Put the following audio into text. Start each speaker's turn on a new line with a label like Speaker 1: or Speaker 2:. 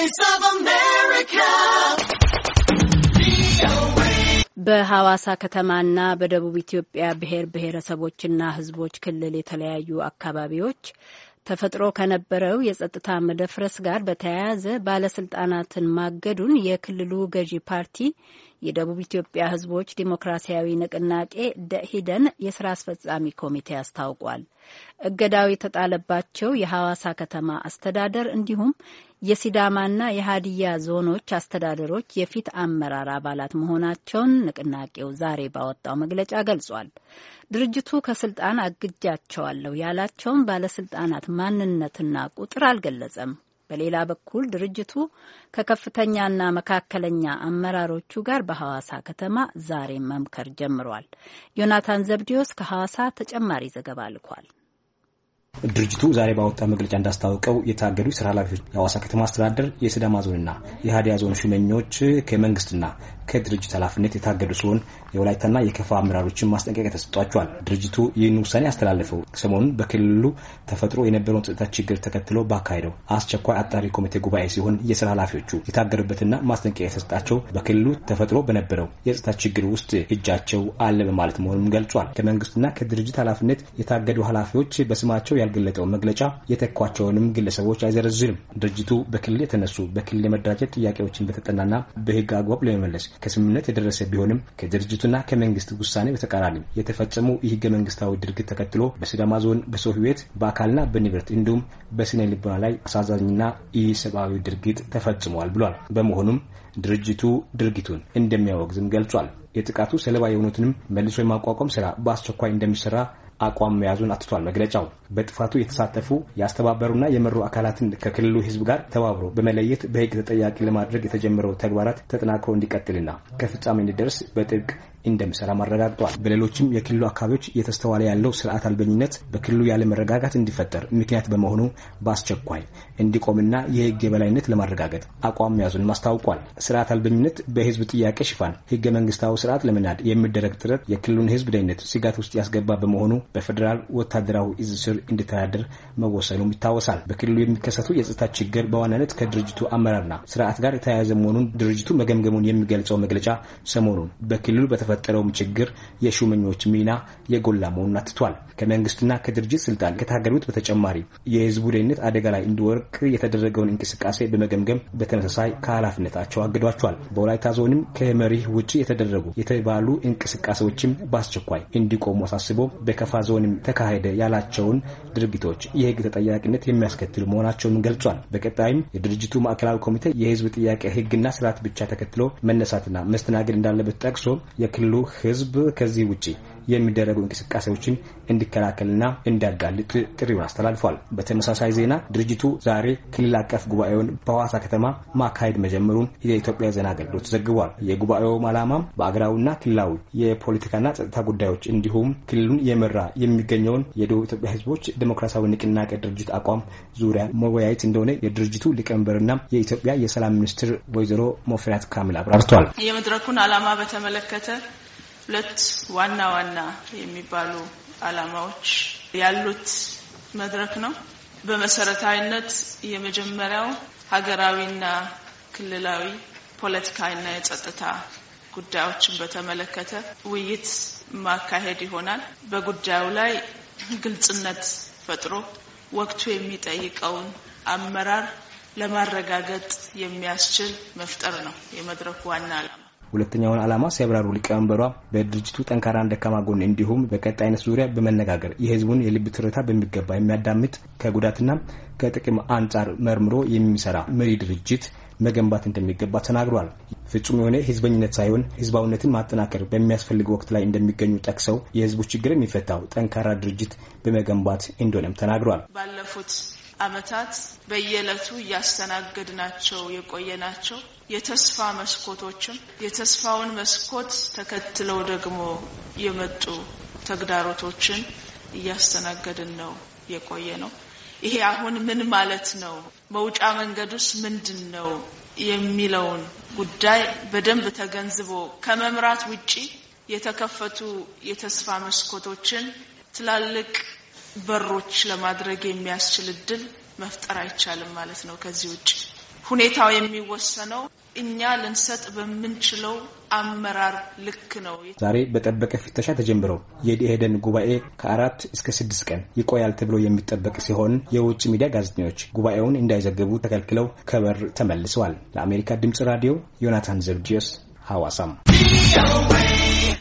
Speaker 1: Voice of America. በሐዋሳ ከተማና በደቡብ ኢትዮጵያ ብሔር ብሔረሰቦችና ሕዝቦች ክልል የተለያዩ አካባቢዎች ተፈጥሮ ከነበረው የጸጥታ መደፍረስ ጋር በተያያዘ ባለስልጣናትን ማገዱን የክልሉ ገዢ ፓርቲ የደቡብ ኢትዮጵያ ህዝቦች ዲሞክራሲያዊ ንቅናቄ ደኢህዴን የስራ አስፈጻሚ ኮሚቴ አስታውቋል። እገዳው የተጣለባቸው የሐዋሳ ከተማ አስተዳደር እንዲሁም የሲዳማና የሀዲያ ዞኖች አስተዳደሮች የፊት አመራር አባላት መሆናቸውን ንቅናቄው ዛሬ ባወጣው መግለጫ ገልጿል። ድርጅቱ ከስልጣን አግጃቸዋለሁ ያላቸውን ባለስልጣናት ማንነትና ቁጥር አልገለጸም። በሌላ በኩል ድርጅቱ ከከፍተኛና መካከለኛ አመራሮቹ ጋር በሐዋሳ ከተማ ዛሬ መምከር ጀምሯል። ዮናታን ዘብዲዮስ ከሐዋሳ ተጨማሪ ዘገባ ልኳል።
Speaker 2: ድርጅቱ ዛሬ ባወጣ መግለጫ እንዳስታወቀው የታገዱ የስራ ኃላፊዎች የአዋሳ ከተማ አስተዳደር፣ የስዳማ ዞንና የሀዲያ ዞን ሹመኞች ከመንግስትና ከድርጅት ኃላፊነት የታገዱ ሲሆን የወላይታና የከፋ አመራሮችን ማስጠንቀቂያ ተሰጧቸዋል። ድርጅቱ ይህን ውሳኔ ያስተላለፈው ሰሞኑን በክልሉ ተፈጥሮ የነበረውን ጸጥታ ችግር ተከትሎ ባካሄደው አስቸኳይ አጣሪ ኮሚቴ ጉባኤ ሲሆን የስራ ኃላፊዎቹ የታገዱበትና ማስጠንቀቂያ የተሰጣቸው በክልሉ ተፈጥሮ በነበረው የጸጥታ ችግር ውስጥ እጃቸው አለ በማለት መሆኑን ገልጿል። ከመንግስትና ከድርጅት ኃላፊነት የታገዱ ኃላፊዎች በስማቸው ያልገለጠው መግለጫ የተኳቸውንም ግለሰቦች አይዘረዝርም። ድርጅቱ በክልል የተነሱ በክልል የመደራጀት ጥያቄዎችን በተጠናና በህግ አግባብ ለመመለስ ከስምምነት የደረሰ ቢሆንም ከድርጅቱና ከመንግስት ውሳኔ በተቃራኒ የተፈጸሙ የህገ መንግስታዊ ድርጊት ተከትሎ በሲዳማ ዞን በሰው ህይወት በአካልና በንብረት እንዲሁም በስነ ልቦና ላይ አሳዛኝና ኢሰብአዊ ድርጊት ተፈጽሟል ብሏል። በመሆኑም ድርጅቱ ድርጊቱን እንደሚያወግዝም ገልጿል። የጥቃቱ ሰለባ የሆኑትንም መልሶ የማቋቋም ስራ በአስቸኳይ እንደሚሰራ አቋም መያዙን አትቷል መግለጫው። በጥፋቱ የተሳተፉ ያስተባበሩና የመሩ አካላትን ከክልሉ ህዝብ ጋር ተባብሮ በመለየት በህግ ተጠያቂ ለማድረግ የተጀመረው ተግባራት ተጠናክሮ እንዲቀጥልና ከፍጻሜ እንዲደርስ በጥብቅ እንደሚሰራም አረጋግጧል። በሌሎችም የክልሉ አካባቢዎች እየተስተዋለ ያለው ስርዓት አልበኝነት በክልሉ ያለ መረጋጋት እንዲፈጠር ምክንያት በመሆኑ በአስቸኳይ እንዲቆምና የህግ የበላይነት ለማረጋገጥ አቋም መያዙን ማስታውቋል። ስርዓት አልበኝነት በህዝብ ጥያቄ ሽፋን ህገ መንግስታዊ ስርዓት ለመናድ የሚደረግ ጥረት የክልሉን ህዝብ ደህንነት ስጋት ውስጥ ያስገባ በመሆኑ በፌዴራል ወታደራዊ እዝ ስር እንዲተዳደር መወሰኑም ይታወሳል። በክልሉ የሚከሰቱ የጸጥታ ችግር በዋናነት ከድርጅቱ አመራርና ስርዓት ጋር የተያያዘ መሆኑን ድርጅቱ መገምገሙን የሚገልጸው መግለጫ ሰሞኑን በክልሉ በተፈ በተፈጠረውም ችግር የሹመኞች ሚና የጎላ መሆኑን አትቷል። ከመንግስትና ከድርጅት ስልጣን ከታገዱት በተጨማሪ የህዝቡ ደህንነት አደጋ ላይ እንዲወርቅ የተደረገውን እንቅስቃሴ በመገምገም በተመሳሳይ ከኃላፊነታቸው አግዷቸዋል። በወላይታ ዞንም ከመሪ ውጭ የተደረጉ የተባሉ እንቅስቃሴዎችም በአስቸኳይ እንዲቆሙ አሳስቦ በከፋ ዞንም ተካሄደ ያላቸውን ድርጊቶች የህግ ተጠያቂነት የሚያስከትሉ መሆናቸውን ገልጿል። በቀጣይም የድርጅቱ ማዕከላዊ ኮሚቴ የህዝብ ጥያቄ ህግና ስርዓት ብቻ ተከትሎ መነሳትና መስተናገድ እንዳለበት ጠቅሶ የክልሉ ህዝብ ከዚህ ውጪ የሚደረጉ እንቅስቃሴዎችን እንዲከላከልና እንዲያጋልጥ ጥሪውን አስተላልፏል። በተመሳሳይ ዜና ድርጅቱ ዛሬ ክልል አቀፍ ጉባኤውን በሐዋሳ ከተማ ማካሄድ መጀመሩን የኢትዮጵያ ዜና አገልግሎት ዘግቧል። የጉባኤውም ዓላማም በአገራዊና ክልላዊ የፖለቲካና ጸጥታ ጉዳዮች እንዲሁም ክልሉን የመራ የሚገኘውን የደቡብ ኢትዮጵያ ህዝቦች ዴሞክራሲያዊ ንቅናቄ ድርጅት አቋም ዙሪያ መወያየት እንደሆነ የድርጅቱ ሊቀመንበርና የኢትዮጵያ የሰላም ሚኒስትር ወይዘሮ ሞፍሪያት ካሚል አብራርተዋል።
Speaker 3: የመድረኩን ዓላማ በተመለከተ ሁለት ዋና ዋና የሚባሉ ዓላማዎች ያሉት መድረክ ነው። በመሰረታዊነት የመጀመሪያው ሀገራዊና ክልላዊ ፖለቲካዊና የጸጥታ ጉዳዮችን በተመለከተ ውይይት ማካሄድ ይሆናል። በጉዳዩ ላይ ግልጽነት ፈጥሮ ወቅቱ የሚጠይቀውን አመራር ለማረጋገጥ የሚያስችል መፍጠር ነው የመድረኩ ዋና ዓላማ።
Speaker 2: ሁለተኛውን ዓላማ ሲያብራሩ ሊቀመንበሯ በድርጅቱ ጠንካራ ደካማ ጎን እንዲሁም በቀጣይነት ዙሪያ በመነጋገር የህዝቡን የልብ ትርታ በሚገባ የሚያዳምጥ ከጉዳትና ከጥቅም አንጻር መርምሮ የሚሰራ መሪ ድርጅት መገንባት እንደሚገባ ተናግሯል። ፍጹም የሆነ ህዝበኝነት ሳይሆን ህዝባዊነትን ማጠናከር በሚያስፈልግ ወቅት ላይ እንደሚገኙ ጠቅሰው የህዝቡ ችግር የሚፈታው ጠንካራ ድርጅት በመገንባት እንደሆነም ተናግሯል።
Speaker 3: ባለፉት አመታት በየዕለቱ እያስተናገድናቸው ናቸው? የተስፋ መስኮቶችም የተስፋውን መስኮት ተከትለው ደግሞ የመጡ ተግዳሮቶችን እያስተናገድን ነው የቆየ ነው። ይሄ አሁን ምን ማለት ነው፣ መውጫ ውስጥ ምንድን ነው የሚለውን ጉዳይ በደንብ ተገንዝቦ ከመምራት ውጪ የተከፈቱ የተስፋ መስኮቶችን ትላልቅ በሮች ለማድረግ የሚያስችል እድል መፍጠር አይቻልም ማለት ነው። ከዚህ ውጭ ሁኔታው የሚወሰነው እኛ ልንሰጥ በምንችለው አመራር ልክ ነው። ዛሬ
Speaker 2: በጠበቀ ፍተሻ ተጀምረው የዲሄደን ጉባኤ ከአራት እስከ ስድስት ቀን ይቆያል ተብሎ የሚጠበቅ ሲሆን የውጭ ሚዲያ ጋዜጠኞች ጉባኤውን እንዳይዘግቡ ተከልክለው ከበር ተመልሰዋል። ለአሜሪካ ድምጽ ራዲዮ ዮናታን ዘብድዮስ ሐዋሳም